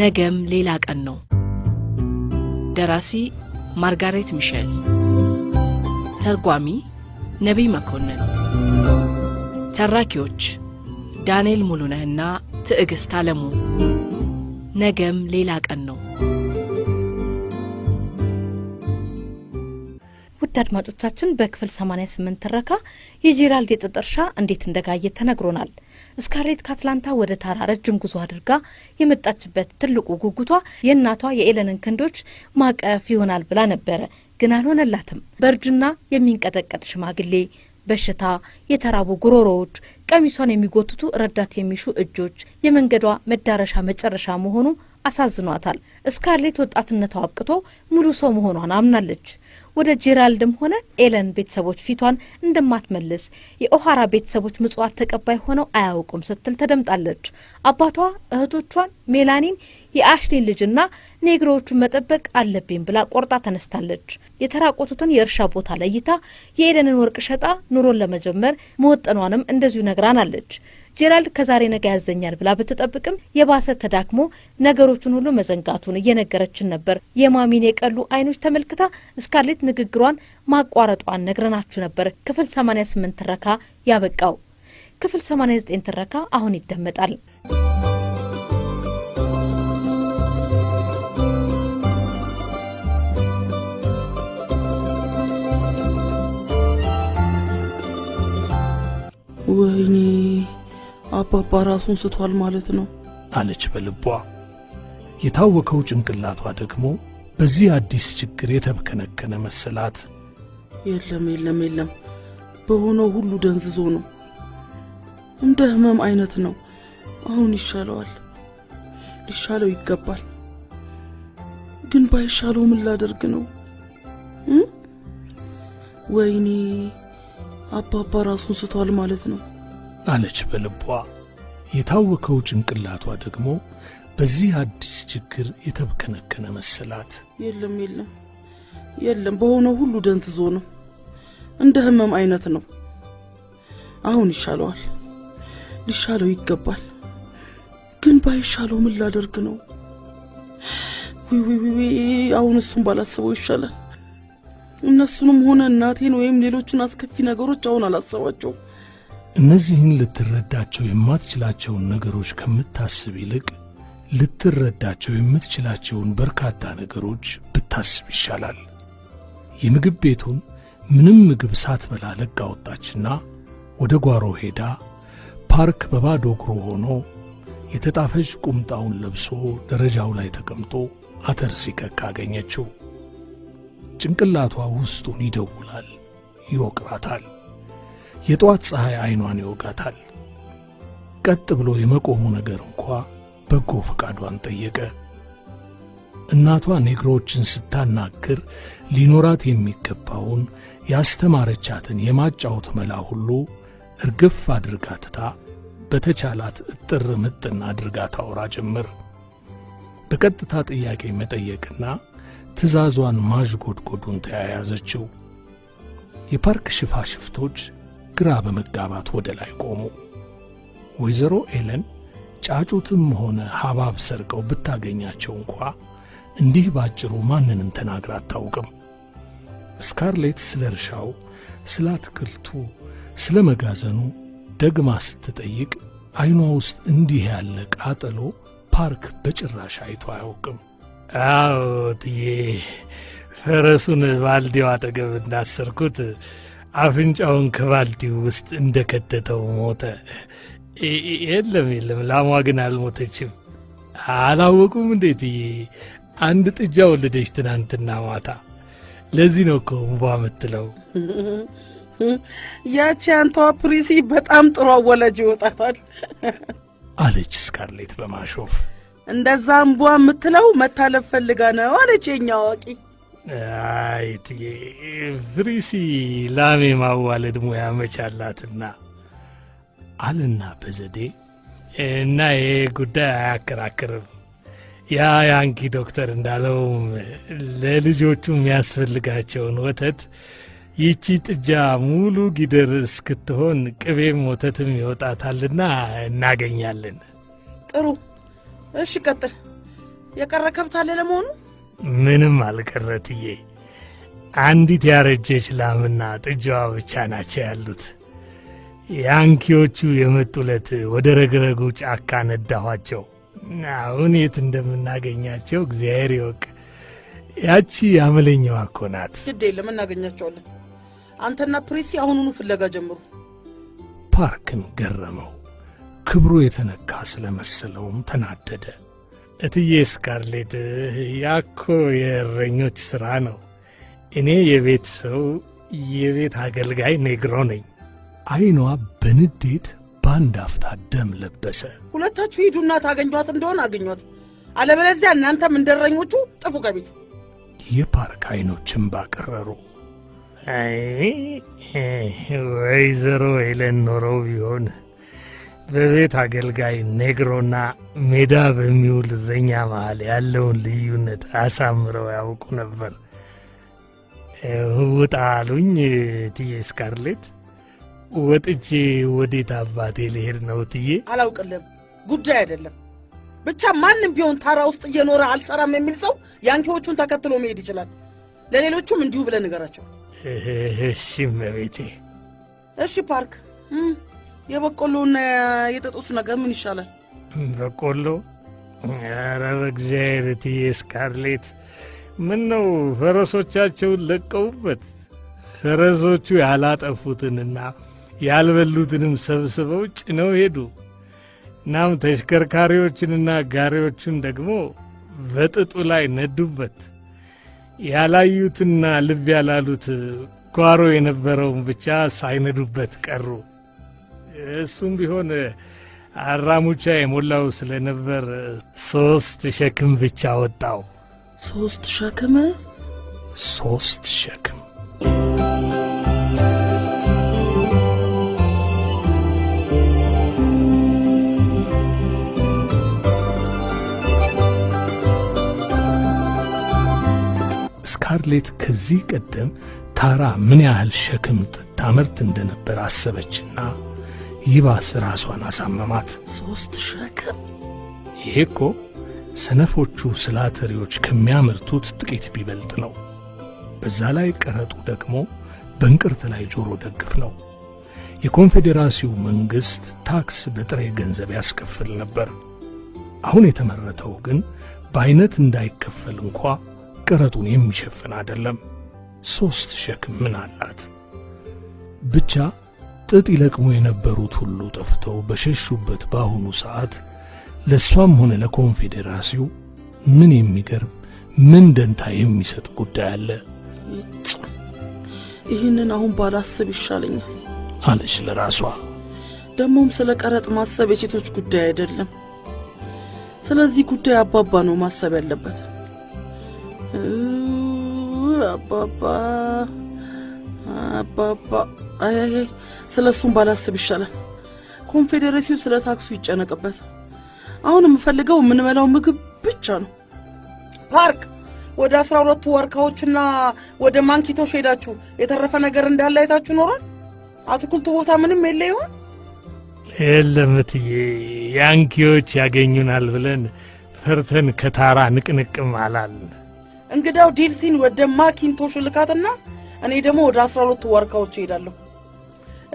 ነገም ሌላ ቀን ነው። ደራሲ ማርጋሬት ሚሸል ተርጓሚ ነቢይ መኮንን፣ ተራኪዎች ዳንኤል ሙሉነህና ትዕግሥት አለሙ። ነገም ሌላ ቀን ነው። ውድ አድማጮቻችን በክፍል 88 ትረካ የጄራልድ የጥጥ እርሻ እንዴት እንደጋየ ተነግሮናል። ስካርሌት ከአትላንታ ወደ ታራ ረጅም ጉዞ አድርጋ የመጣችበት ትልቁ ጉጉቷ የእናቷ የኤለንን ክንዶች ማቀፍ ይሆናል ብላ ነበረ። ግን አልሆነላትም። በእርጅና የሚንቀጠቀጥ ሽማግሌ፣ በሽታ፣ የተራቡ ጉሮሮዎች፣ ቀሚሷን የሚጎትቱ ረዳት የሚሹ እጆች የመንገዷ መዳረሻ መጨረሻ መሆኑ አሳዝኗታል። ስካርሌት ወጣትነቷ አብቅቶ ሙሉ ሰው መሆኗን አምናለች። ወደ ጄራልድም ሆነ ኤለን ቤተሰቦች ፊቷን እንደማትመልስ የኦሃራ ቤተሰቦች ምጽዋት ተቀባይ ሆነው አያውቁም ስትል ተደምጣለች። አባቷ እህቶቿን ሜላኒን፣ የአሽሊን ልጅና ኔግሮዎቹን መጠበቅ አለብኝ ብላ ቆርጣ ተነስታለች። የተራቆቱትን የእርሻ ቦታ ለይታ የኤደንን ወርቅ ሸጣ ኑሮን ለመጀመር መወጠኗንም እንደዚሁ ነግራናለች። ጄራልድ ከዛሬ ነገ ያዘኛል ብላ ብትጠብቅም የባሰ ተዳክሞ ነገሮችን ሁሉ መዘንጋቱን እየነገረችን ነበር። የማሚን የቀሉ አይኖች ተመልክታ እስካርሌት ንግግሯን ማቋረጧን ነግረናችሁ ነበር። ክፍል 88 ትረካ ያበቃው። ክፍል 89 ትረካ አሁን ይደመጣል። ወይኔ አባባ ራሱን ስቷል ማለት ነው አለች በልቧ። የታወከው ጭንቅላቷ ደግሞ በዚህ አዲስ ችግር የተብከነከነ መሰላት። የለም የለም የለም፣ በሆነው ሁሉ ደንዝዞ ነው። እንደ ህመም አይነት ነው። አሁን ይሻለዋል፣ ሊሻለው ይገባል። ግን ባይሻለው ምን ላደርግ ነው? ወይኔ አባባ ራሱን ስቷል ማለት ነው አለች በልቧ። የታወከው ጭንቅላቷ ደግሞ በዚህ አዲስ ችግር የተብከነከነ መሰላት። የለም የለም የለም፣ በሆነው ሁሉ ደንዝዞ ነው። እንደ ህመም አይነት ነው። አሁን ይሻለዋል፣ ሊሻለው ይገባል። ግን ባይሻለው ምን ላደርግ ነው? አሁን እሱን ባላስበው ይሻላል። እነሱንም ሆነ እናቴን ወይም ሌሎችን አስከፊ ነገሮች አሁን አላሰባቸውም። እነዚህን ልትረዳቸው የማትችላቸውን ነገሮች ከምታስብ ይልቅ ልትረዳቸው የምትችላቸውን በርካታ ነገሮች ብታስብ ይሻላል። የምግብ ቤቱን ምንም ምግብ ሳትበላ ለቃ ወጣችና ወደ ጓሮ ሄዳ ፓርክ በባዶ እግሩ ሆኖ የተጣፈች ቁምጣውን ለብሶ ደረጃው ላይ ተቀምጦ አተር ሲቀቅ አገኘችው። ጭንቅላቷ ውስጡን ይደውላል፣ ይወቅራታል። የጠዋት ፀሐይ ዐይኗን ይወጋታል። ቀጥ ብሎ የመቆሙ ነገር እንኳ በጎ ፈቃዷን ጠየቀ። እናቷ ኔግሮዎችን ስታናግር ሊኖራት የሚገባውን ያስተማረቻትን የማጫወት መላ ሁሉ እርግፍ አድርጋ ትታ በተቻላት እጥር ምጥን አድርጋ ታወራ ጀምር። በቀጥታ ጥያቄ መጠየቅና ትዕዛዟን ማዥጎድጎዱን ተያያዘችው። የፓርክ ሽፋሽፍቶች ግራ በመጋባት ወደ ላይ ቆሙ። ወይዘሮ ኤለን ጫጩትም ሆነ ሐባብ ሰርቀው ብታገኛቸው እንኳ እንዲህ ባጭሩ ማንንም ተናግር አታውቅም። ስካርሌት ስለ እርሻው፣ ስለ አትክልቱ፣ ስለ መጋዘኑ ደግማ ስትጠይቅ ዐይኗ ውስጥ እንዲህ ያለ ቃጠሎ ፓርክ በጭራሽ አይቶ አያውቅም። አዎ ትዬ፣ ፈረሱን ባልዲው አጠገብ እንዳሰርኩት አፍንጫውን ከባልዲ ውስጥ እንደከተተው ሞተ። የለም የለም፣ ላሟ ግን አልሞተችም። አላወቁም እንዴት? አንድ ጥጃ ወለደች ትናንትና ማታ። ለዚህ ነው እኮ ሙባ የምትለው። ያቺ አንቷ ፕሪሲ በጣም ጥሩ አወላጅ ይወጣታል፣ አለች ስካርሌት በማሾፍ። እንደዛ እምቧ የምትለው መታለፍ ፈልጋ ነው አለች የኛ አዋቂ። አይ እትዬ ፍሪሲ ላሜ ማዋለድ ሙያ መቻላትና አለና በዘዴ እና ይሄ ጉዳይ አያከራክርም። ያ ያንኪ ዶክተር እንዳለው ለልጆቹ የሚያስፈልጋቸውን ወተት ይቺ ጥጃ ሙሉ ጊደር እስክትሆን ቅቤም ወተትም ይወጣታልና እናገኛለን። ጥሩ እሺ፣ ቀጥል። የቀረ ከብት አለ ለመሆኑ? ምንም አልቀረትዬ። አንዲት ያረጀች ላምና ጥጃዋ ብቻ ናቸው ያሉት። ያንኪዎቹ የመጡለት ወደ ረግረጉ ጫካ ነዳኋቸው። አሁን የት እንደምናገኛቸው እግዚአብሔር ይወቅ። ያቺ ያመለኛዋ እኮ ናት። ግድ የለም እናገኛቸዋለን። አንተና ፕሬሲ አሁኑኑ ፍለጋ ጀምሩ። ፓርክን ገረመው፣ ክብሩ የተነካ ስለመሰለውም ተናደደ። እትዬ ስካርሌት ያኮ የእረኞች ሥራ ነው። እኔ የቤት ሰው፣ የቤት አገልጋይ ኔግሮ ነኝ። አይኗ በንዴት በአንድ አፍታ ደም ለበሰ። ሁለታችሁ ሂዱና ታገኟት እንደሆን አገኟት፣ አለበለዚያ እናንተም እንደ እረኞቹ ጥፉ ከቤት። የፓርክ አይኖችን ባቀረሩ። ወይዘሮ ሄለን ኖረው ቢሆን በቤት አገልጋይ ኔግሮና ሜዳ በሚውል እረኛ መሃል ያለውን ልዩነት አሳምረው ያውቁ ነበር። ውጣ አሉኝ ትዬ ስካርሌት። ወጥቼ ወዴት አባቴ ልሄድ ነው ትዬ? አላውቅልም፣ ጉዳይ አይደለም። ብቻ ማንም ቢሆን ታራ ውስጥ እየኖረ አልሰራም የሚል ሰው ያንኪዎቹን ተከትሎ መሄድ ይችላል። ለሌሎቹም እንዲሁ ብለህ ንገራቸው። እሺ መቤቴ። እሺ ፓርክ የበቆሎና የጠጡት ነገር ምን ይሻላል? በቆሎ ኧረ በእግዚአብሔር እትዬ ስካርሌት ምን ነው ፈረሶቻቸውን ለቀውበት ፈረሶቹ ያላጠፉትንና ያልበሉትንም ሰብስበው ጭነው ሄዱ። እናም ተሽከርካሪዎችንና ጋሪዎቹን ደግሞ በጥጡ ላይ ነዱበት። ያላዩትና ልብ ያላሉት ጓሮ የነበረውን ብቻ ሳይነዱበት ቀሩ። እሱም ቢሆን አራሙቻ የሞላው ስለነበር ሶስት ሸክም ብቻ ወጣው። ሶስት ሸክም ሶስት ሸክም ስካርሌት ከዚህ ቀደም ታራ ምን ያህል ሸክም ታመርት እንደነበር አሰበችና ይባስ ራሷን አሳመማት። ሦስት ሸክም! ይሄ እኮ ሰነፎቹ ስላተሪዎች ከሚያመርቱት ጥቂት ቢበልጥ ነው። በዛ ላይ ቀረጡ ደግሞ በእንቅርት ላይ ጆሮ ደግፍ ነው። የኮንፌዴራሲው መንግሥት ታክስ በጥሬ ገንዘብ ያስከፍል ነበር። አሁን የተመረተው ግን በአይነት እንዳይከፈል እንኳ ቀረጡን የሚሸፍን አይደለም። ሦስት ሸክም ምን አላት ብቻ ጥጥ ይለቅሙ የነበሩት ሁሉ ጠፍተው በሸሹበት በአሁኑ ሰዓት ለእሷም ሆነ ለኮንፌዴራሲው ምን የሚገርም ምን ደንታ የሚሰጥ ጉዳይ አለ? ይህንን አሁን ባላስብ ይሻለኛል አለች ለራሷ። ደግሞም ስለ ቀረጥ ማሰብ የሴቶች ጉዳይ አይደለም። ስለዚህ ጉዳይ አባባ ነው ማሰብ ያለበት። አባባ አባባ ስለ እሱም ባላስብ ይሻላል። ኮንፌዴሬሲው ስለ ታክሱ ይጨነቅበት። አሁን የምፈልገው የምንበላው ምግብ ብቻ ነው። ፓርክ ወደ አስራ ሁለቱ ዋርካዎችና ወደ ማንኪቶች ሄዳችሁ የተረፈ ነገር እንዳለ አይታችሁ ኖሯል። አትክልቱ ቦታ ምንም የለ ይሆን? የለም እትዬ፣ ያንኪዎች ያገኙናል ብለን ፈርተን ከታራ ንቅንቅም አላልን። እንግዳው ዲልሲን ወደ ማኪንቶሽ ልካትና እኔ ደግሞ ወደ አስራ ሁለቱ ዋርካዎች እሄዳለሁ።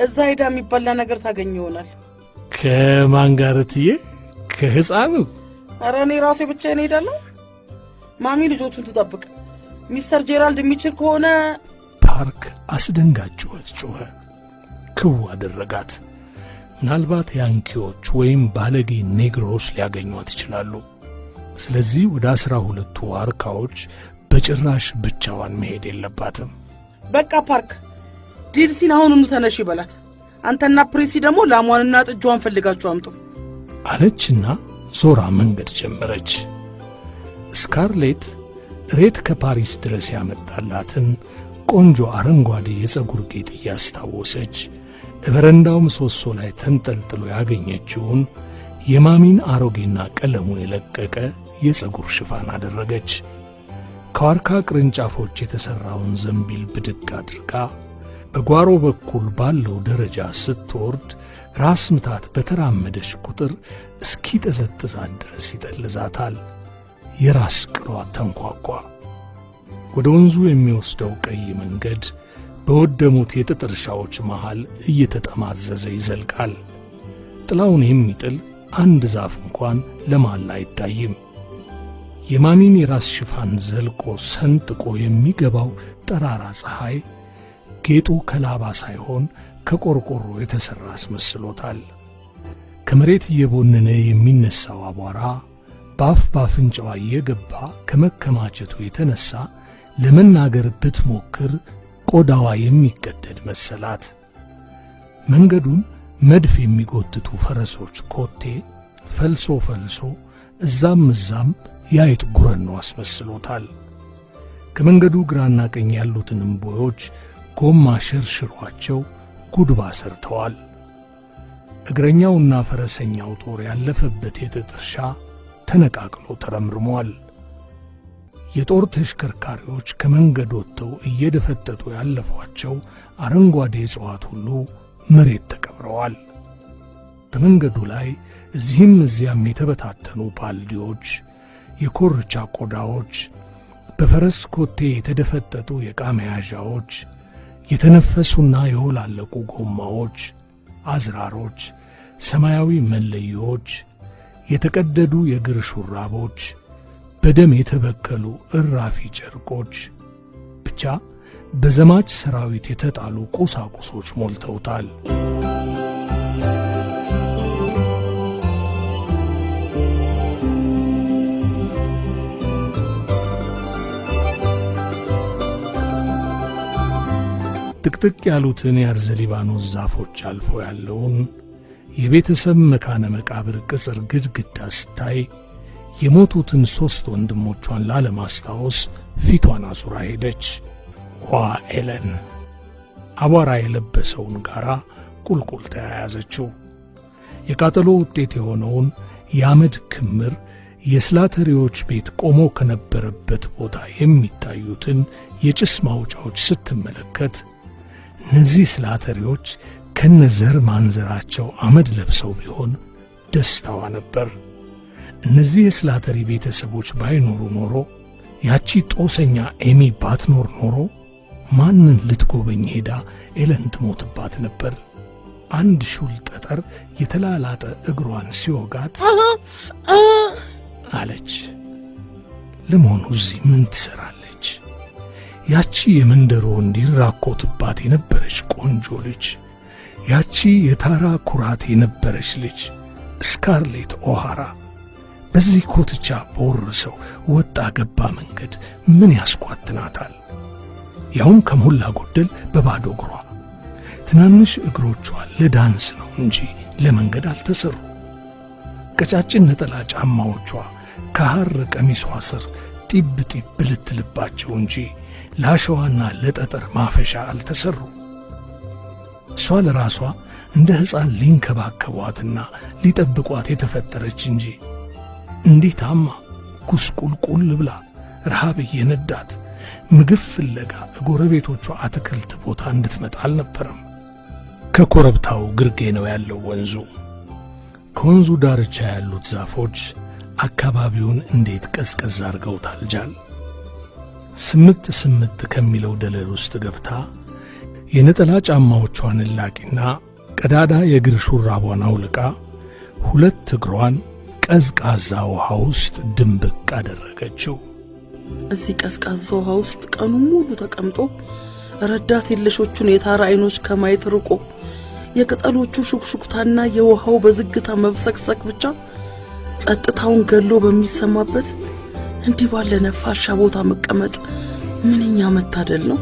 እዛ ሄዳ የሚበላ ነገር ታገኝ ይሆናል። ከማን ጋር እትዬ? ከህፃኑ? እረ እኔ ራሴ ብቻዬን እሄዳለሁ። ማሚ ልጆቹን ትጠብቅ። ሚስተር ጄራልድ የሚችል ከሆነ ፓርክ አስደንጋጭ ጩኸት ጮኸ። ክው አደረጋት። ምናልባት ያንኪዎች ወይም ባለጌ ኔግሮስ ሊያገኟት ይችላሉ። ስለዚህ ወደ አስራ ሁለቱ ዋርካዎች በጭራሽ ብቻዋን መሄድ የለባትም። በቃ ፓርክ ዲል ሲል አሁኑኑ ተነሽ ይበላት። አንተና ፕሬሲ ደግሞ ላሟንና ጥጇን ፈልጋችሁ አምጡ አለችና ዞራ መንገድ ጀመረች። ስካርሌት ሬት ከፓሪስ ድረስ ያመጣላትን ቆንጆ አረንጓዴ የፀጉር ጌጥ እያስታወሰች በረንዳው ምሰሶ ላይ ተንጠልጥሎ ያገኘችውን የማሚን አሮጌና ቀለሙን የለቀቀ የፀጉር ሽፋን አደረገች። ከዋርካ ቅርንጫፎች የተሠራውን ዘንቢል ብድግ አድርጋ በጓሮ በኩል ባለው ደረጃ ስትወርድ ራስ ምታት በተራመደች ቁጥር እስኪጠዘጥዛት ድረስ ይጠልዛታል። የራስ ቅሏ ተንኳኳ። ወደ ወንዙ የሚወስደው ቀይ መንገድ በወደሙት የጥጥ እርሻዎች መሃል እየተጠማዘዘ ይዘልቃል። ጥላውን የሚጥል አንድ ዛፍ እንኳን ለማል አይታይም። የማሚን የራስ ሽፋን ዘልቆ ሰንጥቆ የሚገባው ጠራራ ፀሐይ ጌጡ ከላባ ሳይሆን ከቆርቆሮ የተሠራ አስመስሎታል። ከመሬት እየቦነነ የሚነሳው አቧራ ባፍ ባፍንጫዋ እየገባ ከመከማቸቱ የተነሳ ለመናገር ብትሞክር ቆዳዋ የሚቀደድ መሰላት። መንገዱን መድፍ የሚጎትቱ ፈረሶች ኮቴ ፈልሶ ፈልሶ እዛም እዛም የአይጥ ጉረኖ አስመስሎታል። ከመንገዱ ግራና ቀኝ ያሉትንም ቦዮች ጎማ ሽርሽሯቸው ጉድባ ሰርተዋል። እግረኛውና ፈረሰኛው ጦር ያለፈበት የጥጥ እርሻ ተነቃቅሎ ተረምርሟል። የጦር ተሽከርካሪዎች ከመንገድ ወጥተው እየደፈጠጡ ያለፏቸው አረንጓዴ እጽዋት ሁሉ መሬት ተቀብረዋል። በመንገዱ ላይ እዚህም እዚያም የተበታተኑ ባልዲዎች፣ የኮርቻ ቆዳዎች፣ በፈረስ ኮቴ የተደፈጠጡ የዕቃ መያዣዎች፣ የተነፈሱና የሆላለቁ ጎማዎች፣ አዝራሮች፣ ሰማያዊ መለዮች፣ የተቀደዱ የእግር ሹራቦች፣ በደም የተበከሉ እራፊ ጨርቆች፣ ብቻ በዘማች ሰራዊት የተጣሉ ቁሳቁሶች ሞልተውታል። ጥቅጥቅ ያሉትን የአርዘ ሊባኖስ ዛፎች አልፎ ያለውን የቤተሰብ መካነ መቃብር ቅጽር ግድግዳ ስታይ የሞቱትን ሦስት ወንድሞቿን ላለማስታወስ ፊቷን አሱራ ሄደች። ዋ ኤለን አቧራ የለበሰውን ጋራ ቁልቁል ተያያዘችው። የቃጠሎ ውጤት የሆነውን የአመድ ክምር የስላተሪዎች ቤት ቆሞ ከነበረበት ቦታ የሚታዩትን የጭስ ማውጫዎች ስትመለከት እነዚህ ስላተሪዎች ከነዘር ማንዘራቸው አመድ ለብሰው ቢሆን ደስታዋ ነበር። እነዚህ የስላተሪ ቤተሰቦች ባይኖሩ ኖሮ ያቺ ጦሰኛ ኤሚ ባትኖር ኖሮ ማንን ልትጎበኝ ሄዳ ኤለን ትሞትባት ነበር። አንድ ሹል ጠጠር የተላላጠ እግሯን ሲወጋት አለች፣ ለመሆኑ እዚህ ምን ትሠራለች? ያቺ የመንደሮ እንዲራኮትባት የነበረች ቆንጆ ልጅ፣ ያቺ የታራ ኩራት የነበረች ልጅ ስካርሌት ኦሃራ በዚህ ኮትቻ በወረሰው ወጣ ገባ መንገድ ምን ያስኳትናታል? ያውም ከሞላ ጎደል በባዶ እግሯ። ትናንሽ እግሮቿ ለዳንስ ነው እንጂ ለመንገድ አልተሰሩ። ቀጫጭን ነጠላ ጫማዎቿ ከሐር ቀሚሷ ስር ጢብ ጢብ ልትልባቸው እንጂ ለአሸዋና ለጠጠር ማፈሻ አልተሰሩ። እሷ ለራሷ እንደ ሕፃን ሊንከባከቧትና ሊጠብቋት የተፈጠረች እንጂ እንዲህ ታማ ጉስቁልቁል ብላ ረሃብ እየነዳት ምግብ ፍለጋ ጎረቤቶቿ አትክልት ቦታ እንድትመጣ አልነበረም። ከኮረብታው ግርጌ ነው ያለው ወንዙ። ከወንዙ ዳርቻ ያሉት ዛፎች አካባቢውን እንዴት ቀዝቀዝ አድርገውታል ጃል ስምጥ ስምት ከሚለው ደለል ውስጥ ገብታ የነጠላ ጫማዎቿን እላቂና ቀዳዳ የእግር ሹራቧን አውልቃ ሁለት እግሯን ቀዝቃዛ ውሃ ውስጥ ድንብቅ አደረገችው። እዚህ ቀዝቃዛ ውሃ ውስጥ ቀኑ ሙሉ ተቀምጦ ረዳት የለሾቹን የታራ አይኖች ከማየት ርቆ የቅጠሎቹ ሹክሹክታና የውሃው በዝግታ መብሰክሰክ ብቻ ጸጥታውን ገሎ በሚሰማበት እንዲህ ባለ ነፋሻ ቦታ መቀመጥ ምንኛ መታደል ነው።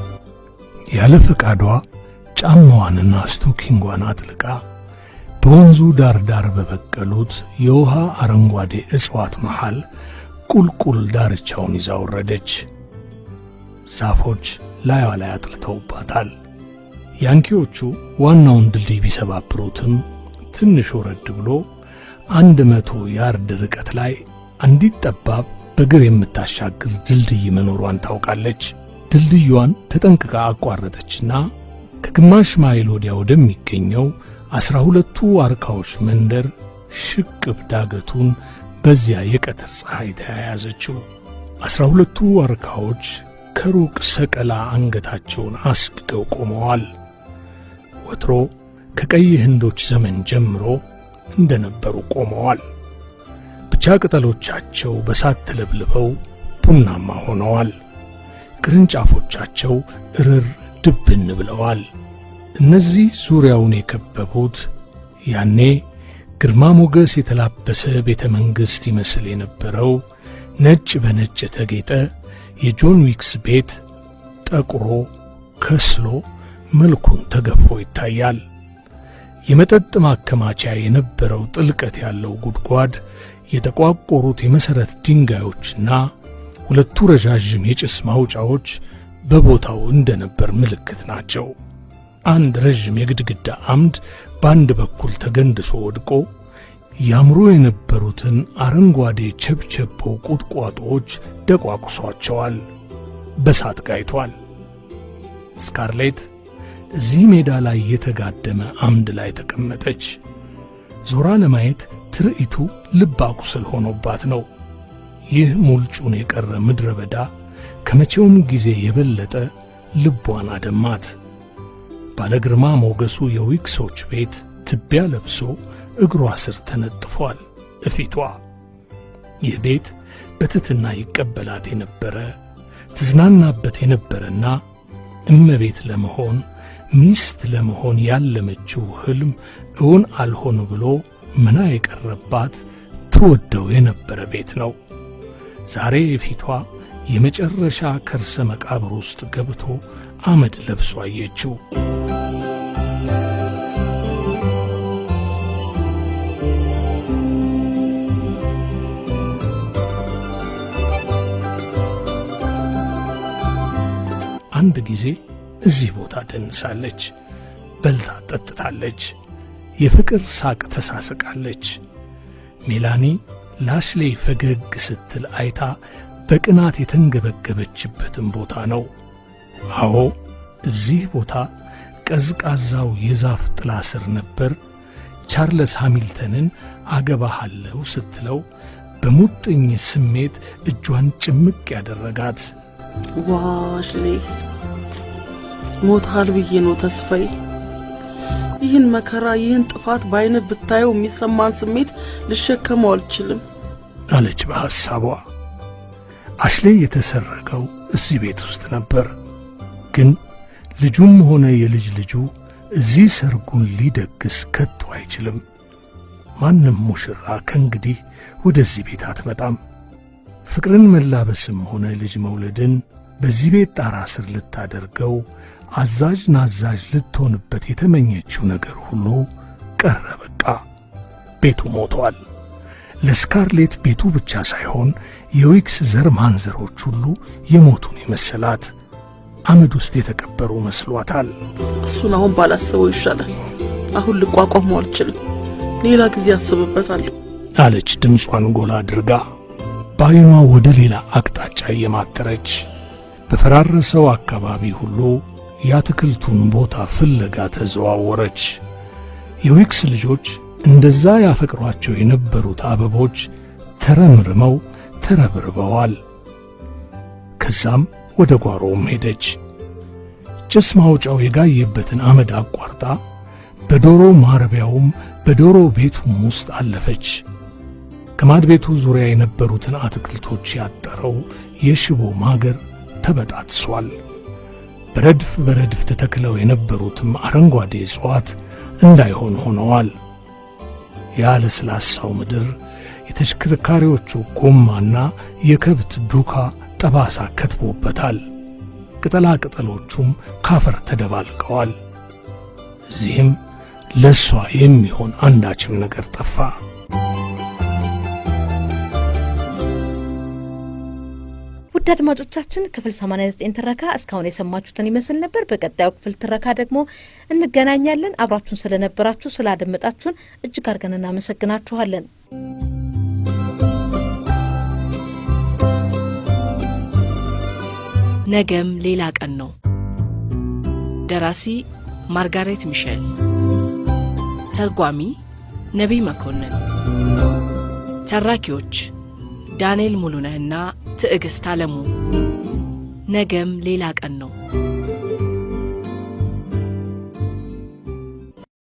ያለ ፈቃዷ ጫማዋንና ስቶኪንጓን አጥልቃ በወንዙ ዳር ዳር በበቀሉት የውሃ አረንጓዴ እጽዋት መሃል ቁልቁል ዳርቻውን ይዛ ወረደች። ዛፎች ላይዋ ላይ አጥልተውባታል። ያንኪዎቹ ዋናውን ድልድይ ቢሰባብሩትም ትንሽ ወረድ ብሎ አንድ መቶ ያርድ ርቀት ላይ አንዲት ጠባብ በእግር የምታሻግር ድልድይ መኖሯን ታውቃለች። ድልድዩዋን ተጠንቅቃ አቋረጠችና ከግማሽ ማይል ወዲያ ወደሚገኘው ዐሥራ ሁለቱ አርካዎች መንደር ሽቅብ ዳገቱን በዚያ የቀትር ፀሐይ ተያያዘችው። ዐሥራ ሁለቱ አርካዎች ከሩቅ ሰቀላ አንገታቸውን አስግገው ቆመዋል። ወትሮ ከቀይ ህንዶች ዘመን ጀምሮ እንደነበሩ ቆመዋል። ብቻ ቅጠሎቻቸው በሳት ተለብልበው ቡናማ ሆነዋል። ቅርንጫፎቻቸው እርር ድብን ብለዋል። እነዚህ ዙሪያውን የከበቡት ያኔ ግርማ ሞገስ የተላበሰ ቤተ መንግሥት ይመስል የነበረው ነጭ በነጭ የተጌጠ የጆን ዊክስ ቤት ጠቁሮ ከስሎ መልኩን ተገፎ ይታያል። የመጠጥ ማከማቻ የነበረው ጥልቀት ያለው ጉድጓድ የተቋቆሩት የመሠረት ድንጋዮችና ሁለቱ ረዣዥም የጭስ ማውጫዎች በቦታው እንደነበር ምልክት ናቸው። አንድ ረዥም የግድግዳ አምድ በአንድ በኩል ተገንድሶ ወድቆ ያምሮ የነበሩትን አረንጓዴ ቸብቸቦ ቁጥቋጦዎች ደቋቁሷቸዋል፣ በሳት ጋይቷል። ስካርሌት እዚህ ሜዳ ላይ የተጋደመ አምድ ላይ ተቀመጠች። ዞራ ለማየት ትርኢቱ ልብ አቁስል ሆኖባት ነው። ይህ ሙልጩን የቀረ ምድረ በዳ ከመቼውም ጊዜ የበለጠ ልቧን አደማት። ባለ ግርማ ሞገሱ የዊክሶች ቤት ትቢያ ለብሶ እግሯ ስር ተነጥፏል እፊቷ። ይህ ቤት በትትና ይቀበላት የነበረ ትዝናናበት የነበረና እመቤት ለመሆን ሚስት ለመሆን ያለመችው ሕልም እውን አልሆን ብሎ ምና የቀረባት ትወደው የነበረ ቤት ነው። ዛሬ ፊቷ የመጨረሻ ከርሰ መቃብር ውስጥ ገብቶ አመድ ለብሶ አየችው። አንድ ጊዜ እዚህ ቦታ ደንሳለች፣ በልታ ጠጥታለች። የፍቅር ሳቅ ተሳስቃለች። ሜላኒ ላሽሌ ፈገግ ስትል አይታ በቅናት የተንገበገበችበትን ቦታ ነው። አዎ እዚህ ቦታ ቀዝቃዛው የዛፍ ጥላ ስር ነበር ቻርለስ ሃሚልተንን አገባሃለሁ ስትለው በሙጥኝ ስሜት እጇን ጭምቅ ያደረጋት። ዋሽሌ ሞታል ብዬ ነው ተስፋዬ ይህን መከራ፣ ይህን ጥፋት በዓይንህ ብታየው የሚሰማን ስሜት ልሸከመው አልችልም አለች በሐሳቧ። አሽሌ የተሰረገው እዚህ ቤት ውስጥ ነበር። ግን ልጁም ሆነ የልጅ ልጁ እዚህ ሰርጉን ሊደግስ ከቶ አይችልም። ማንም ሙሽራ ከእንግዲህ ወደዚህ ቤት አትመጣም። ፍቅርን መላበስም ሆነ ልጅ መውለድን በዚህ ቤት ጣራ ስር ልታደርገው አዛዥ ናዛዥ ልትሆንበት የተመኘችው ነገር ሁሉ ቀረ። በቃ ቤቱ ሞቷል። ለስካርሌት ቤቱ ብቻ ሳይሆን የዊክስ ዘር ማንዘሮች ሁሉ የሞቱን የመሰላት አመድ ውስጥ የተቀበሩ መስሏታል። እሱን አሁን ባላስበው ይሻላል። አሁን ልቋቋመው አልችልም። ሌላ ጊዜ አስብበታለሁ አለች ድምጿን ጎላ አድርጋ በዓይኗ ወደ ሌላ አቅጣጫ እየማተረች በፈራረሰው አካባቢ ሁሉ የአትክልቱን ቦታ ፍለጋ ተዘዋወረች። የዊክስ ልጆች እንደዛ ያፈቅሯቸው የነበሩት አበቦች ተረምርመው ተረብርበዋል። ከዛም ወደ ጓሮውም ሄደች። ጭስ ማውጫው የጋየበትን አመድ አቋርጣ በዶሮ ማረቢያውም በዶሮ ቤቱም ውስጥ አለፈች። ከማድ ቤቱ ዙሪያ የነበሩትን አትክልቶች ያጠረው የሽቦ ማገር ተበጣጥሷል። በረድፍ በረድፍ ተተክለው የነበሩትም አረንጓዴ እጽዋት እንዳይሆን ሆነዋል። ያ ለስላሳው ምድር የተሽከርካሪዎቹ ጎማና የከብት ዱካ ጠባሳ ከትቦበታል። ቅጠላ ቅጠሎቹም ካፈር ተደባልቀዋል። እዚህም ለእሷ የሚሆን አንዳችም ነገር ጠፋ። ውድ አድማጮቻችን ክፍል 89 ትረካ እስካሁን የሰማችሁትን ይመስል ነበር። በቀጣዩ ክፍል ትረካ ደግሞ እንገናኛለን። አብራችሁን ስለነበራችሁ ስላደመጣችሁን እጅግ አድርገን እናመሰግናችኋለን። ነገም ሌላ ቀን ነው። ደራሲ ማርጋሬት ሚሼል፣ ተርጓሚ ነቢይ መኮንን፣ ተራኪዎች ዳንኤል ሙሉነህና ትዕግሥት አለሙ። ነገም ሌላ ቀን ነው።